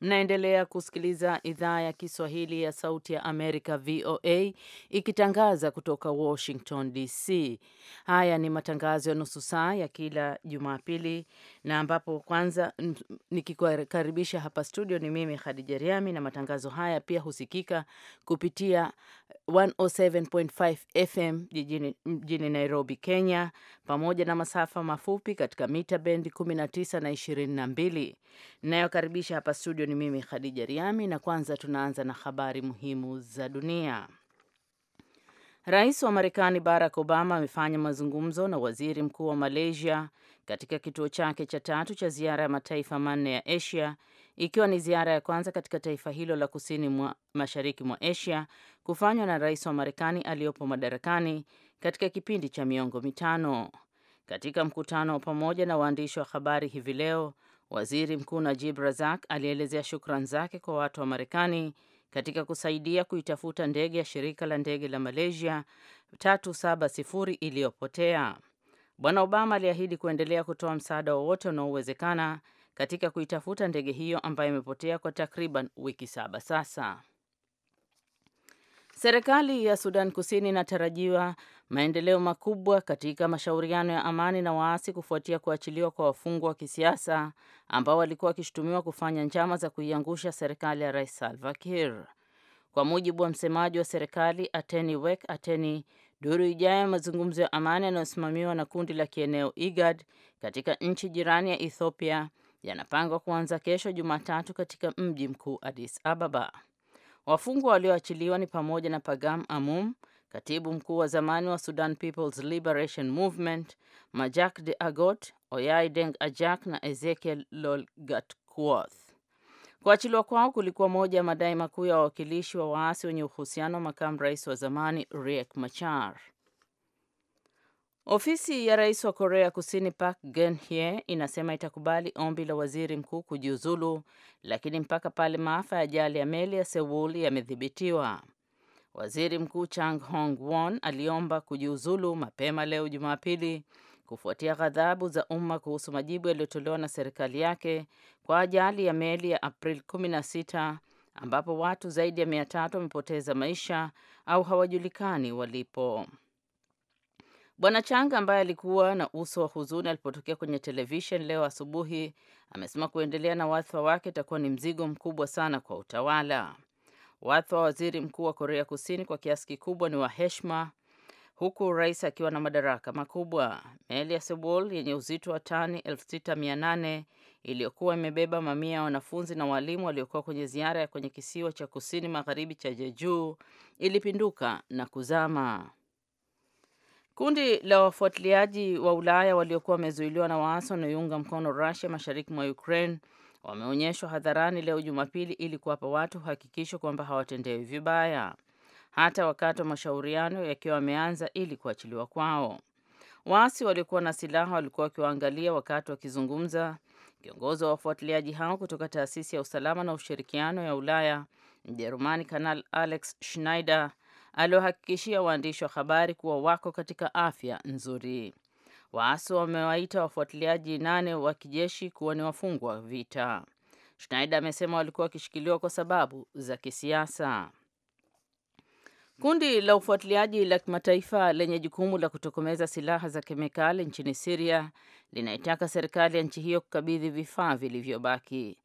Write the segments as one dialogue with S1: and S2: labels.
S1: Mnaendelea kusikiliza idhaa ya Kiswahili ya Sauti ya Amerika, VOA, ikitangaza kutoka Washington DC. Haya ni matangazo ya nusu saa ya kila Jumapili, na ambapo kwanza nikikukaribisha hapa studio ni mimi Khadija Riami, na matangazo haya pia husikika kupitia 107.5 FM jijini, mjini Nairobi, Kenya, pamoja na masafa mafupi katika mita bendi 19 na 22. Nayokaribisha hapa studio studio ni mimi Khadija Riami, na kwanza tunaanza na habari muhimu za dunia. Rais wa Marekani Barack Obama amefanya mazungumzo na waziri mkuu wa Malaysia katika kituo chake cha tatu cha ziara ya mataifa manne ya Asia, ikiwa ni ziara ya kwanza katika taifa hilo la kusini mwa mashariki mwa Asia kufanywa na rais wa Marekani aliyopo madarakani katika kipindi cha miongo mitano. Katika mkutano wa pamoja na waandishi wa habari hivi leo, Waziri Mkuu Najib Razak alielezea shukrani zake kwa watu wa Marekani katika kusaidia kuitafuta ndege ya shirika la ndege la Malaysia 370 iliyopotea. Bwana Obama aliahidi kuendelea kutoa msaada wowote unaowezekana katika kuitafuta ndege hiyo ambayo imepotea kwa takriban wiki saba sasa. Serikali ya Sudan Kusini inatarajiwa maendeleo makubwa katika mashauriano ya amani na waasi kufuatia kuachiliwa kwa wafungwa wa kisiasa ambao walikuwa wakishutumiwa kufanya njama za kuiangusha serikali ya Rais Salva Kiir. Kwa mujibu wa msemaji wa serikali Ateni Wek Ateni, duru ijayo ya mazungumzo ya amani yanayosimamiwa na kundi la kieneo IGAD katika nchi jirani ya Ethiopia yanapangwa kuanza kesho Jumatatu katika mji mkuu Addis Ababa. Wafungwa walioachiliwa ni pamoja na Pagam Amum, katibu mkuu wa zamani wa Sudan People's Liberation Movement, Majak De Agot, Oyai Deng Ajak na Ezekiel Lolgatkuoth. Kuachiliwa kwao kulikuwa moja ya madai makuu ya wawakilishi wa waasi wenye uhusiano wa makamu rais wa zamani Riek Machar. Ofisi ya rais wa Korea Kusini Park Geun-hye inasema itakubali ombi la waziri mkuu kujiuzulu, lakini mpaka pale maafa ya ajali ya meli ya Seoul yamedhibitiwa. Waziri Mkuu Chang Hong-won aliomba kujiuzulu mapema leo Jumapili kufuatia ghadhabu za umma kuhusu majibu yaliyotolewa na serikali yake kwa ajali ya meli ya April 16 ambapo watu zaidi ya 300 wamepoteza maisha au hawajulikani walipo. Bwana Changa ambaye alikuwa na uso wa huzuni alipotokea kwenye televishen leo asubuhi, amesema kuendelea na wadhifa wake itakuwa ni mzigo mkubwa sana kwa utawala. Wadhifa wa waziri mkuu wa Korea Kusini kwa kiasi kikubwa ni wa heshima, huku rais akiwa na madaraka makubwa. Meli ya sebol yenye uzito wa tani 6800 iliyokuwa imebeba mamia ya wanafunzi na walimu waliokuwa kwenye ziara ya kwenye kisiwa cha kusini magharibi cha Jeju ilipinduka na kuzama. Kundi la wafuatiliaji wa Ulaya waliokuwa wamezuiliwa na waasi wanaoiunga mkono Russia mashariki mwa Ukraine wameonyeshwa hadharani leo Jumapili ili kuwapa watu hakikisho kwamba hawatendewi vibaya hata wakati wa mashauriano yakiwa wameanza ili kuachiliwa kwao. Waasi waliokuwa na silaha walikuwa wakiwaangalia wakati wakizungumza. Kiongozi wa wafuatiliaji hao kutoka taasisi ya usalama na ushirikiano ya Ulaya Mjerumani Kanal Alex Schneider aliohakikishia waandishi wa habari kuwa wako katika afya nzuri. Waasi wamewaita wafuatiliaji nane wa kijeshi kuwa ni wafungwa wa vita. Schneider amesema walikuwa wakishikiliwa kwa sababu za kisiasa. Kundi la ufuatiliaji la kimataifa lenye jukumu la kutokomeza silaha za kemikali nchini Siria linaitaka serikali ya nchi hiyo kukabidhi vifaa vilivyobaki.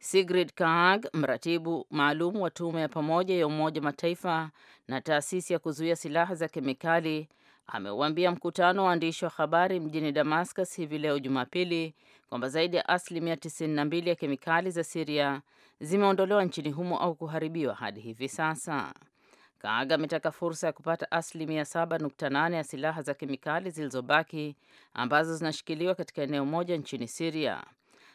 S1: Sigrid Kaag, mratibu maalum wa tume ya pamoja ya Umoja Mataifa na taasisi ya kuzuia silaha za kemikali ameuambia mkutano wa waandishi wa habari mjini Damascus hivi leo Jumapili kwamba zaidi ya asilimia 92 ya kemikali za Siria zimeondolewa nchini humo au kuharibiwa hadi hivi sasa. Kaaga ametaka fursa ya kupata asilimia 7.8 ya silaha za kemikali zilizobaki ambazo zinashikiliwa katika eneo moja nchini Siria.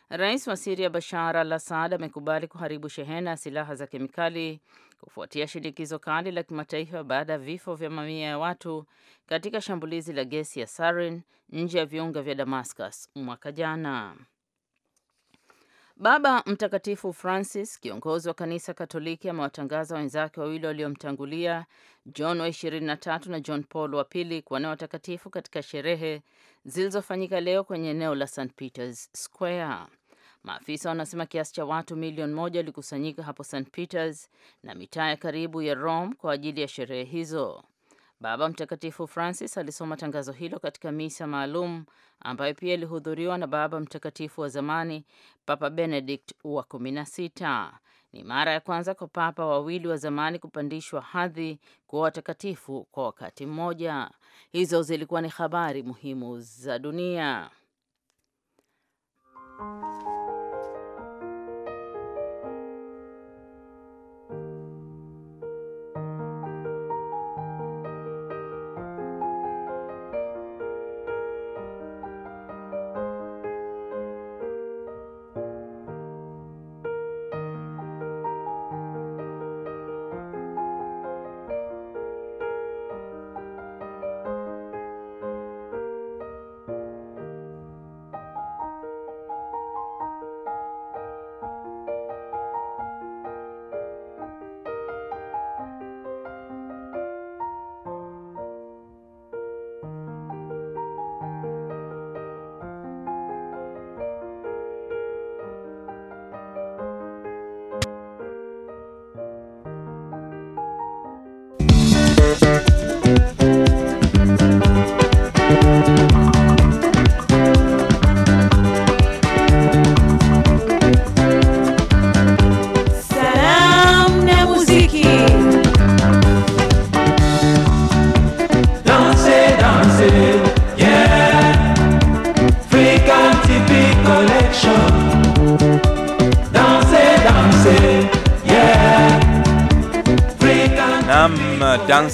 S1: Rais wa Siria Bashar al Assad amekubali kuharibu shehena ya silaha za kemikali kufuatia shinikizo kali la kimataifa baada ya vifo vya mamia ya watu katika shambulizi la gesi ya sarin nje ya viunga vya Damascus mwaka jana. Baba Mtakatifu Francis, kiongozi wa kanisa Katoliki, amewatangaza wenzake wawili waliomtangulia John wa 23 na John Paul wa pili kuwa na watakatifu katika sherehe zilizofanyika leo kwenye eneo la St Peters Square. Maafisa wanasema kiasi cha watu milioni moja walikusanyika hapo St Peters na mitaa ya karibu ya Rome kwa ajili ya sherehe hizo. Baba Mtakatifu Francis alisoma tangazo hilo katika misa maalum ambayo pia ilihudhuriwa na Baba Mtakatifu wa zamani Papa Benedict wa kumi na sita. Ni mara ya kwanza kwa papa wawili wa zamani kupandishwa hadhi kuwa watakatifu kwa wakati mmoja. Hizo zilikuwa ni habari muhimu za dunia.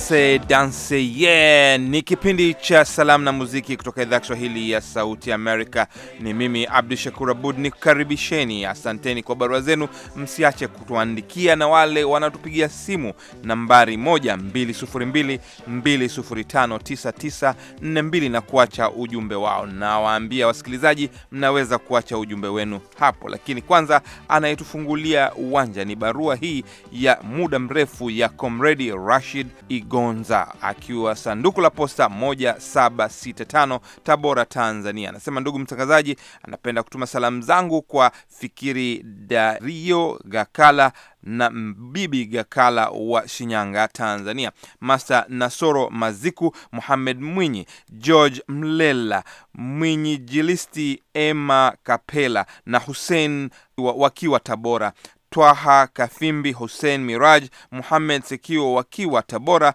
S2: Dance Dance yeah, ni kipindi cha salamu na muziki kutoka idhaa ya Kiswahili ya Sauti Amerika. Ni mimi Abdu Shakur Abud nikukaribisheni. Asanteni kwa barua zenu, msiache kutuandikia na wale wanatupigia simu nambari 12022059942 na kuacha ujumbe wao. Nawaambia wasikilizaji, mnaweza kuacha ujumbe wenu hapo, lakini kwanza anayetufungulia uwanja ni barua hii ya muda mrefu ya Comrade Rashid Igo Gonza akiwa sanduku la posta 1765 Tabora, Tanzania. Anasema ndugu mtangazaji, anapenda kutuma salamu zangu kwa Fikiri Dario Gakala na Bibi Gakala wa Shinyanga, Tanzania, Master Nasoro Maziku, Muhamed Mwinyi, George Mlela Mwinyi, Jilisti Emma Kapela na Hussein wakiwa Tabora, Twaha Kafimbi, Hussein Miraj, Muhamed sekio wakiwa Tabora,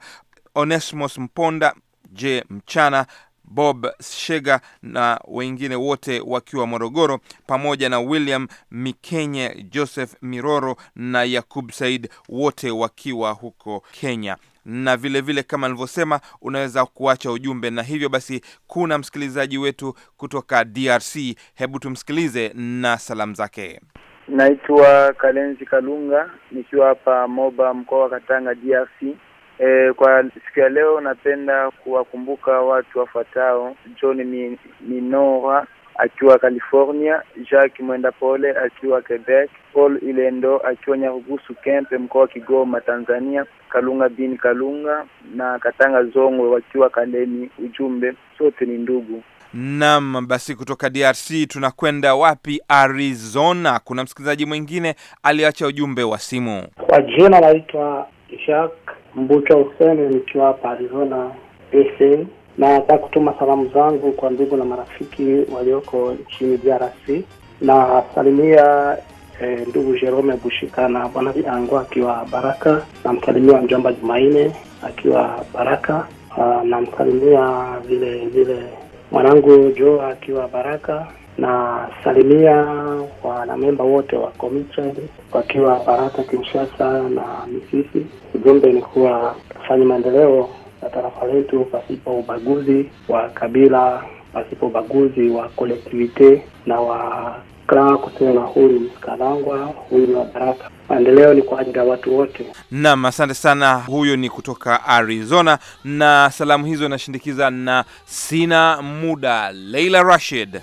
S2: Onesmos Mponda, j Mchana, Bob Shega na wengine wote wakiwa Morogoro, pamoja na William Mikenye, Joseph Miroro na Yakub Said, wote wakiwa huko Kenya na vilevile vile kama nilivyosema, unaweza kuacha ujumbe. Na hivyo basi, kuna msikilizaji wetu kutoka DRC, hebu tumsikilize na salamu zake.
S3: Naitwa Kalenzi Kalunga nikiwa hapa Moba, mkoa wa Katanga, DRC. E, kwa siku ya leo napenda kuwakumbuka watu wafuatao: John Minora akiwa California, Jacques Mwenda Pole akiwa Quebec, Paul Ilendo akiwa Nyarugusu Kempe, mkoa wa Kigoma, Tanzania, Kalunga bin Kalunga na Katanga Zongwe wakiwa Kalemi. Ujumbe, sote ni
S2: ndugu. Nam, basi kutoka DRC tunakwenda wapi? Arizona. Kuna msikilizaji mwingine aliacha ujumbe wa simu.
S3: Kwa jina naitwa Ishak Mbucha Huseni, nikiwa hapa Arizona na Nataka kutuma salamu zangu kwa ndugu na marafiki walioko nchini DRC. Nasalimia eh, ndugu Jerome Bushikana bwana Viangwa akiwa Baraka. Namsalimia mjomba Jumaine akiwa Baraka. Ah, namsalimia vile vile mwanangu jo akiwa Baraka na salimia wanamemba wote wa wakiwa Baraka, Kinshasa na Misisi. Ujumbe ni kuwa tufanye maendeleo ya tarafa letu pasipo ubaguzi wa kabila, pasipo ubaguzi wa kolektivite na wa kla kusema huyu mskalangwa huyu wa Baraka maendeleo ni kwa ajili ya watu wote.
S2: Naam, asante sana. Huyo ni kutoka Arizona, na salamu hizo inashindikiza na sina muda. Leila Rashid.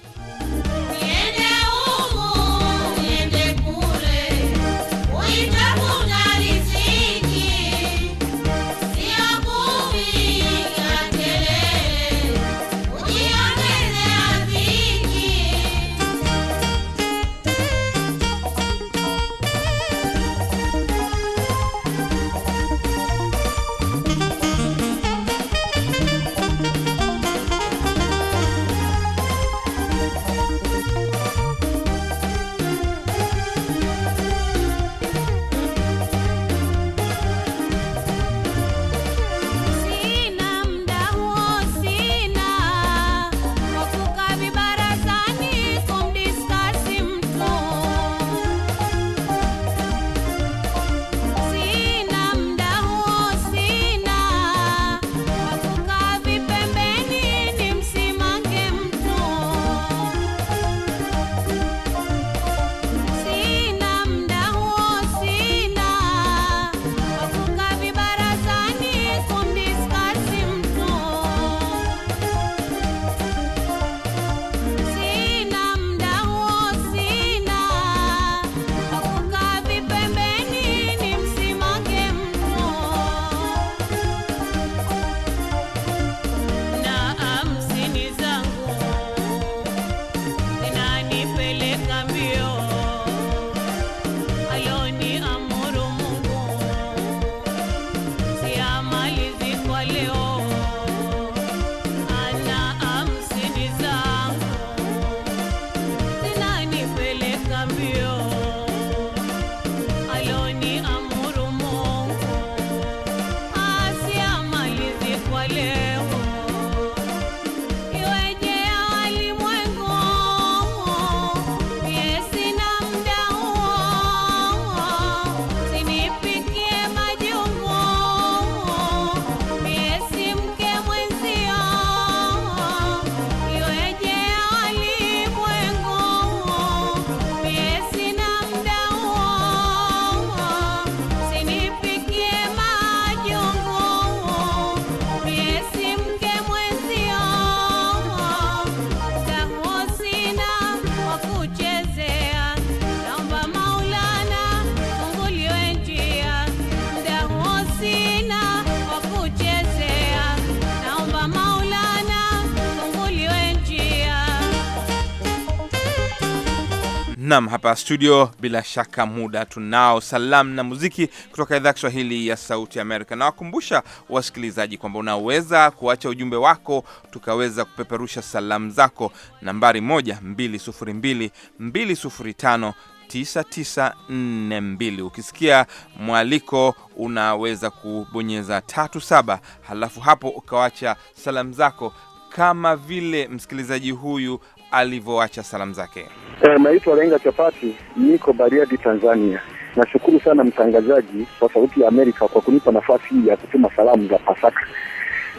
S2: Nam hapa studio, bila shaka muda tunao salamu na muziki kutoka idhaa Kiswahili ya Sauti Amerika. Nawakumbusha wasikilizaji kwamba unaweza kuacha ujumbe wako tukaweza kupeperusha salamu zako, nambari 1202205 Ukisikia mwaliko unaweza kubonyeza 37, halafu hapo ukawacha salamu zako, kama vile msikilizaji huyu alivyoacha salamu zake.
S3: E, naitwa Lenga Chapati, niko Bariadi, Tanzania. Nashukuru sana mtangazaji wa Sauti ya Amerika kwa kunipa nafasi hii ya kutuma salamu za Pasaka.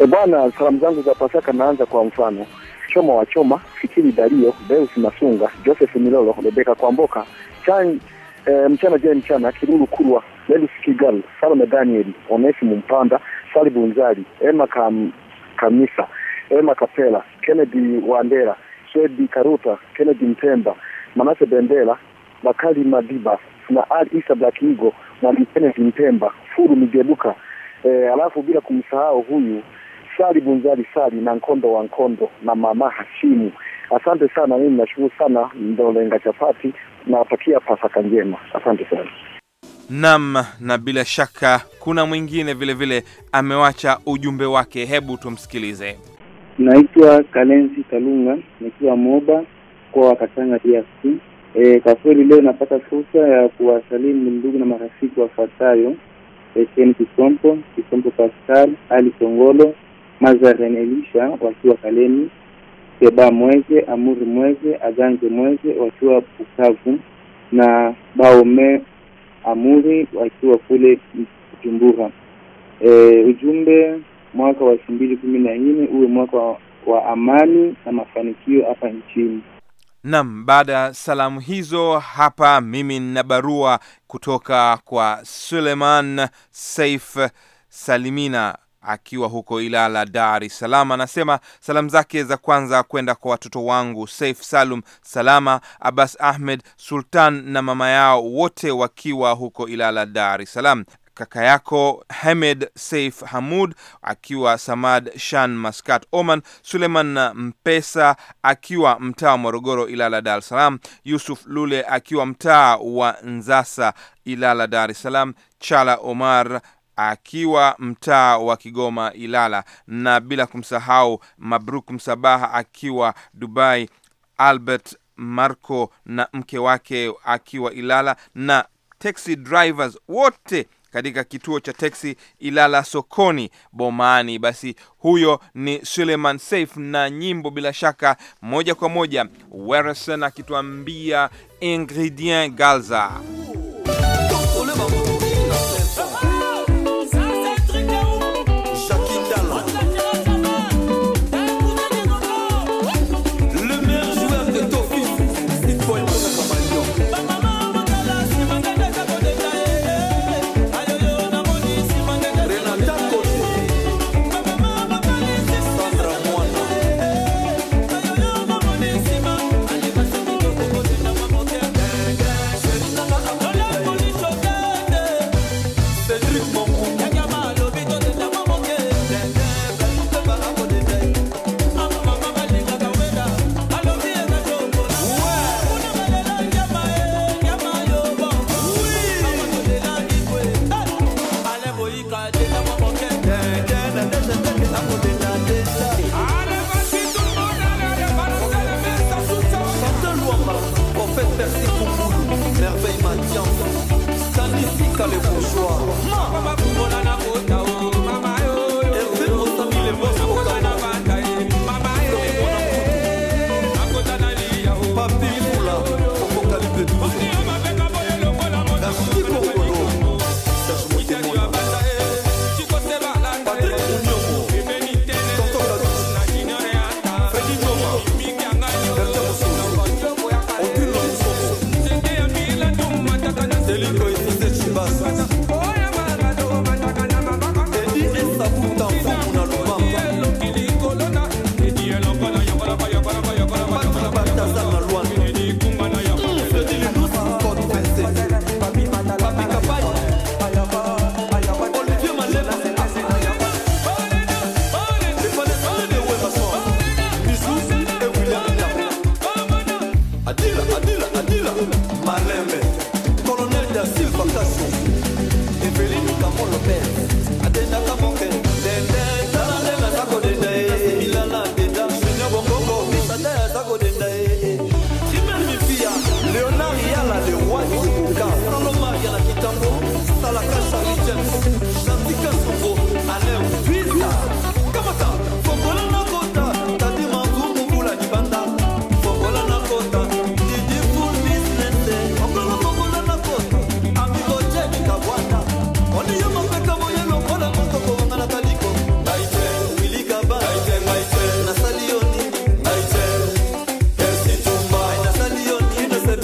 S3: E, bwana, salamu zangu za Pasaka naanza kwa mfano Choma wa Choma, Fikiri Dario, Deus Masunga, Joseph Milolo, Rebeka Kwamboka, Chan e, mchana Jee mchana, Kirulu Kurwa, Lelis Kigal, Salome Daniel, Onesi Mumpanda, Sali Bunzali, Ema Kam, Kamisa, Ema Kapela, Kennedy Wandera Fredi Karuta, Kennedy mtemba Manase Bendela, Bakali Madiba na Ali Isa Black Eagle, Mwalimu Kennedy mtemba Furu Migebuka, e, alafu bila kumsahau huyu Sali Bunzali Sali na Nkondo wa Nkondo na Mama
S2: Hashimu.
S3: Asante sana, mimi nashukuru sana. ndolenga lenga chapati nawatakia Pasaka njema, asante sana.
S2: nam na bila shaka kuna mwingine vilevile vile amewacha ujumbe wake, hebu tumsikilize.
S3: Naitwa Kalenzi Kalunga, nikiwa Moba kwa wa Katanga, DRC. E, kwa kweli leo napata fursa ya kuwasalimu ndugu na marafiki wafuatayo: Etienne Kisompo, Kisompo Pascal, Ali songolo Mazaren Elisha wakiwa kaleni Keba Mweze, Amuri Mweze, Aganze Mweze wakiwa Bukavu na Baome Amuri wakiwa kule jumbura E, ujumbe mwaka wa elfu mbili kumi na nne uwe mwaka wa, wa amani na mafanikio hapa nchini.
S2: Naam, baada ya salamu hizo hapa, mimi nina barua kutoka kwa Suleiman Saif Salimina akiwa huko Ilala, Dar es Salaam. Anasema salamu zake za kwanza kwenda kwa watoto wangu Saif Salum Salama, Abbas Ahmed Sultan na mama yao wote wakiwa huko Ilala, Dar es Salaam kaka yako Hamed Saif Hamud akiwa Samad Shan Maskat Oman, Suleiman Mpesa akiwa mtaa wa Morogoro Ilala Dar es Salaam, Yusuf Lule akiwa mtaa wa Nzasa Ilala Dar es Salaam, Chala Omar akiwa mtaa wa Kigoma Ilala, na bila kumsahau Mabruk Msabaha akiwa Dubai, Albert Marco na mke wake akiwa Ilala, na taxi drivers wote katika kituo cha teksi Ilala sokoni Bomani. Basi huyo ni Suleiman Saif na nyimbo bila shaka moja kwa moja wereson akituambia ingredient galza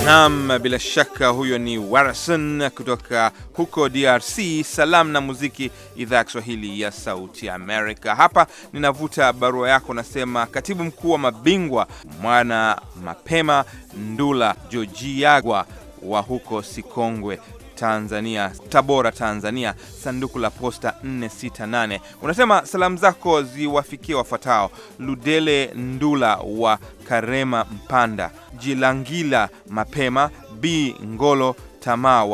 S2: Naam, bila shaka huyo ni Warison kutoka huko DRC. Salamu na muziki, idhaa ya Kiswahili ya Sauti ya Amerika. Hapa ninavuta barua yako, nasema katibu mkuu wa mabingwa mwana mapema Ndula Jojiagwa wa huko Sikongwe Tanzania, Tabora, Tanzania, sanduku la posta 468. Unasema salamu zako ziwafikie wafuatao: Ludele Ndula wa Karema Mpanda Jilangila mapema, B Ngolo Tamaa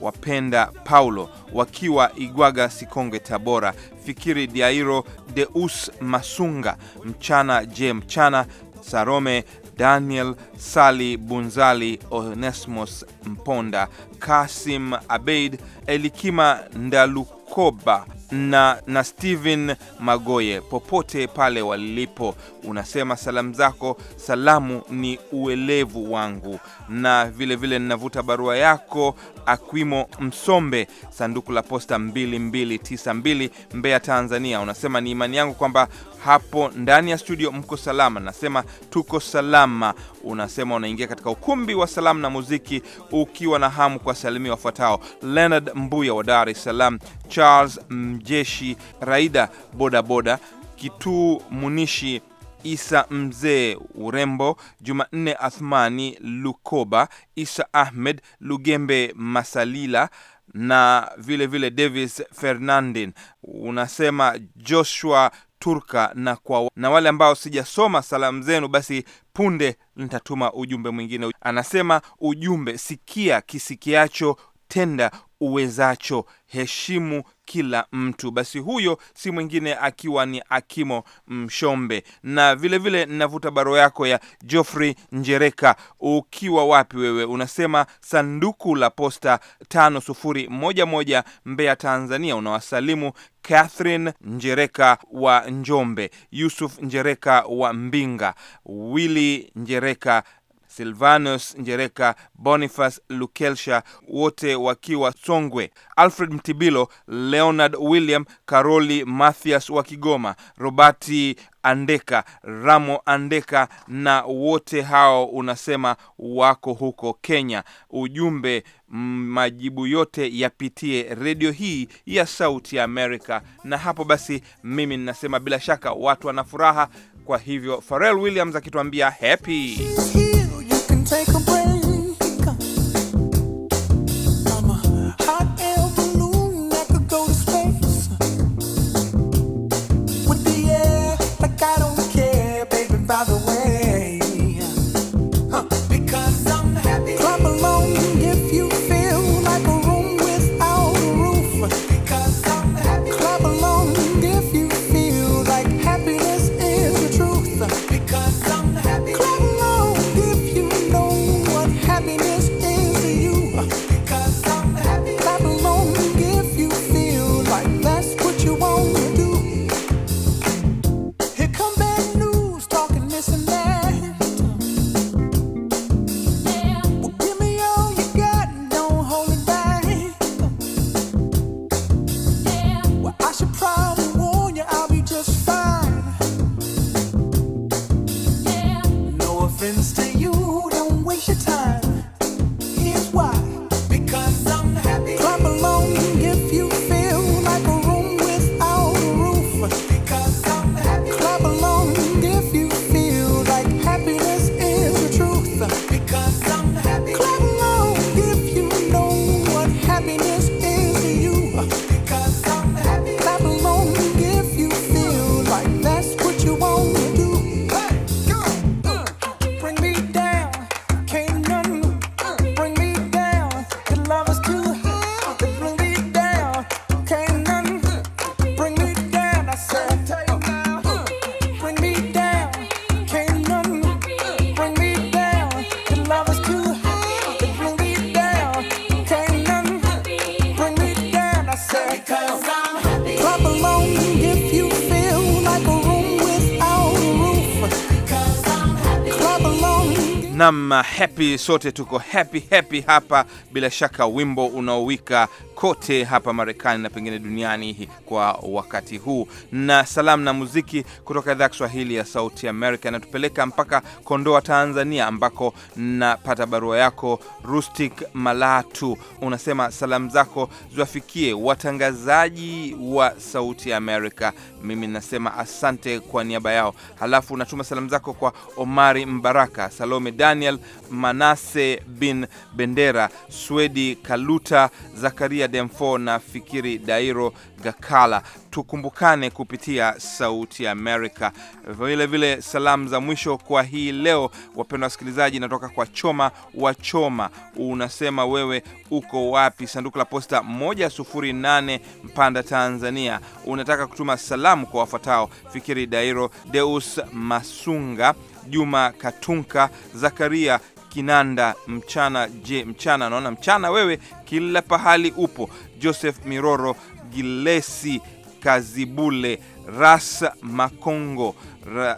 S2: wapenda Paulo wakiwa Igwaga sikonge Tabora, Fikiri Diairo Deus Masunga Mchana Je Mchana Sarome Daniel Sali Bunzali Onesmos Mponda Kasim Abeid Elikima Ndalukoba na, na Steven Magoye popote pale walipo. Unasema salamu zako, salamu ni uelevu wangu, na vilevile ninavuta barua yako Akwimo Msombe, sanduku la posta 2292 Mbeya, Tanzania. Unasema ni imani yangu kwamba hapo ndani ya studio mko salama. Nasema tuko salama. Unasema unaingia katika ukumbi wa salamu na muziki ukiwa na hamu salimia wafuatao: Leonard Mbuya wa Dar es Salaam, Charles M mjeshi Raida bodaboda Kituu Munishi Isa Mzee Urembo, Jumanne Athmani Lukoba, Isa Ahmed Lugembe Masalila na vile vile Davis Fernandin, unasema Joshua Turka na kwa na wale ambao sijasoma salamu zenu, basi punde nitatuma ujumbe mwingine. Anasema ujumbe, sikia kisikiacho, tenda uwezacho, heshimu kila mtu. Basi huyo si mwingine akiwa ni Akimo Mshombe. Na vilevile navuta vile baro yako ya Geoffrey Njereka, ukiwa wapi wewe? Unasema sanduku la posta tano sufuri moja moja Mbeya, Tanzania. Unawasalimu Catherine Njereka wa Njombe, Yusuf Njereka wa Mbinga, Willy Njereka Silvanus Njereka, Boniface Lukelsha, wote wakiwa Songwe, Alfred Mtibilo, Leonard William, Karoli Mathias wa Kigoma, Robati Andeka, Ramo Andeka na wote hao unasema wako huko Kenya. Ujumbe majibu yote yapitie redio hii ya Sauti ya Amerika. Na hapo basi, mimi ninasema bila shaka watu wana furaha. Kwa hivyo Pharrell Williams akituambia happy take a break. Naam, happy sote tuko happy happy hapa, bila shaka wimbo unaowika kote hapa Marekani na pengine duniani kwa wakati huu. Na salamu na muziki kutoka idhaa ya Kiswahili ya Sauti Amerika inatupeleka mpaka Kondoa, Tanzania, ambako napata barua yako Rustic Malatu. Unasema salamu zako ziwafikie watangazaji wa Sauti Amerika. Mimi nasema asante kwa niaba yao. Halafu unatuma salamu zako kwa Omari Mbaraka, Salome Daniel, Manase bin Bendera, Swedi Kaluta, Zakaria Demfo na Fikiri Dairo Gakala. Tukumbukane kupitia Sauti ya Amerika. Vilevile salamu za mwisho kwa hii leo, wapendwa wasikilizaji, natoka kwa Choma wa Choma. Unasema wewe uko wapi? Sanduku la posta 108 Mpanda, Tanzania. Unataka kutuma salamu kwa wafuatao: Fikiri Dairo, Deus Masunga, Juma Katunka, Zakaria Kinanda mchana. Je, mchana naona mchana wewe kila pahali upo. Joseph Miroro, Gilesi Kazibule, Ras Makongo,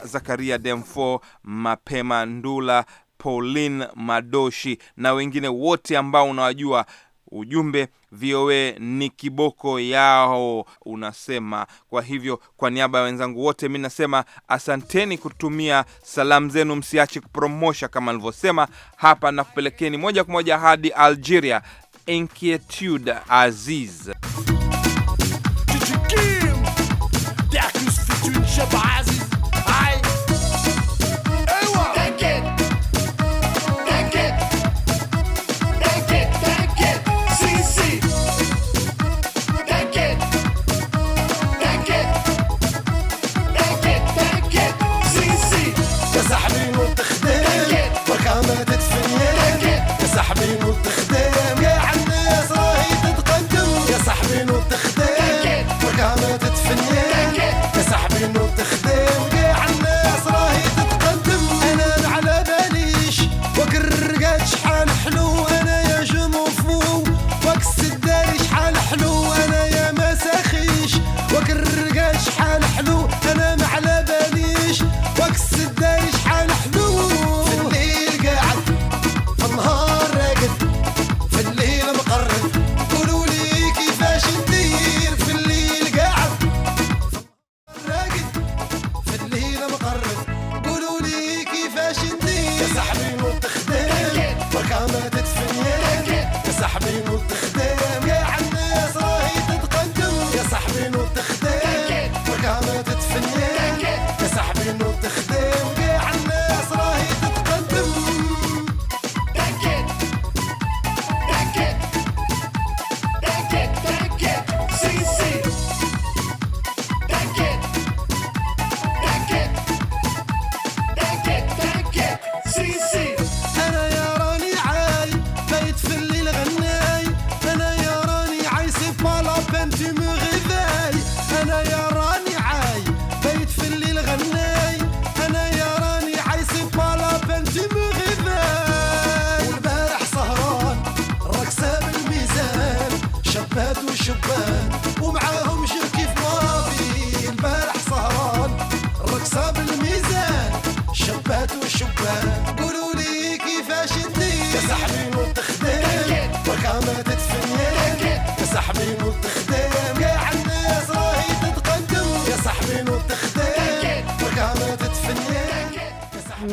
S2: Zakaria Demfo, Mapema Ndula, Pauline Madoshi na wengine wote ambao unawajua Ujumbe VOA ni kiboko yao unasema. Kwa hivyo, kwa niaba ya wenzangu wote, mi nasema asanteni kutumia salamu zenu, msiache kupromosha kama alivyosema hapa, na kupelekeni moja kwa moja hadi Algeria. Inquietude Aziz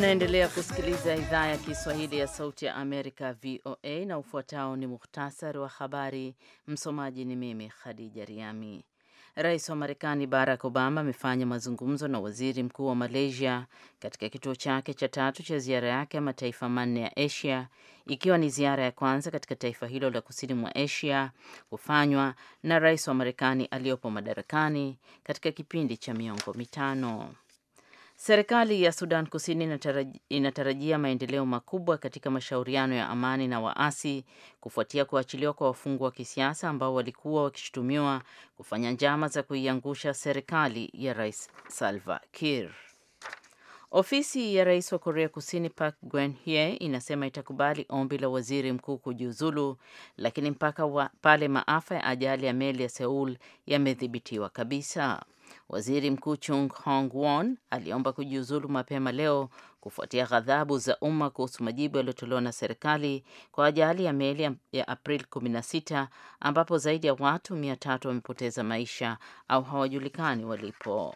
S1: Unaendelea kusikiliza idhaa ya Kiswahili ya Sauti ya Amerika, VOA, na ufuatao ni muhtasari wa habari. Msomaji ni mimi Khadija Riami. Rais wa Marekani Barack Obama amefanya mazungumzo na waziri mkuu wa Malaysia katika kituo chake cha tatu cha ziara yake ya mataifa manne ya Asia, ikiwa ni ziara ya kwanza katika taifa hilo la kusini mwa Asia kufanywa na rais wa Marekani aliyopo madarakani katika kipindi cha miongo mitano. Serikali ya Sudan Kusini inatarajia maendeleo makubwa katika mashauriano ya amani na waasi kufuatia kuachiliwa kwa wafungwa wa kisiasa ambao walikuwa wakishutumiwa kufanya njama za kuiangusha serikali ya Rais Salva Kiir. Ofisi ya Rais wa Korea Kusini Park Geun-hye inasema itakubali ombi la waziri mkuu kujiuzulu lakini mpaka wa pale maafa ya ajali ya meli ya Seoul yamedhibitiwa kabisa. Waziri Mkuu Chung Hong Won aliomba kujiuzulu mapema leo kufuatia ghadhabu za umma kuhusu majibu yaliyotolewa na serikali kwa ajali ya meli ya April 16 ambapo zaidi ya watu mia wamepoteza maisha au hawajulikani walipo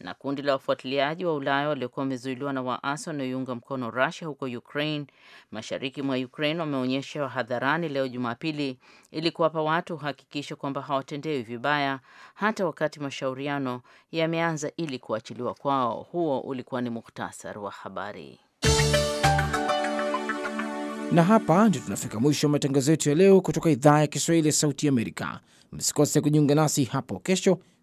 S1: na kundi la wafuatiliaji wa Ulaya waliokuwa wamezuiliwa na waasi wanaoiunga mkono rasia huko Ukraine, mashariki mwa Ukraine, wameonyesha hadharani leo Jumapili ili kuwapa watu uhakikisho kwamba hawatendewi vibaya hata wakati mashauriano yameanza ili kuachiliwa kwao. Huo ulikuwa ni muhtasari wa habari.
S2: Na hapa ndio tunafika mwisho wa matangazo yetu ya leo kutoka idhaa ya Kiswahili ya Sauti Amerika. Msikose kujiunga nasi hapo kesho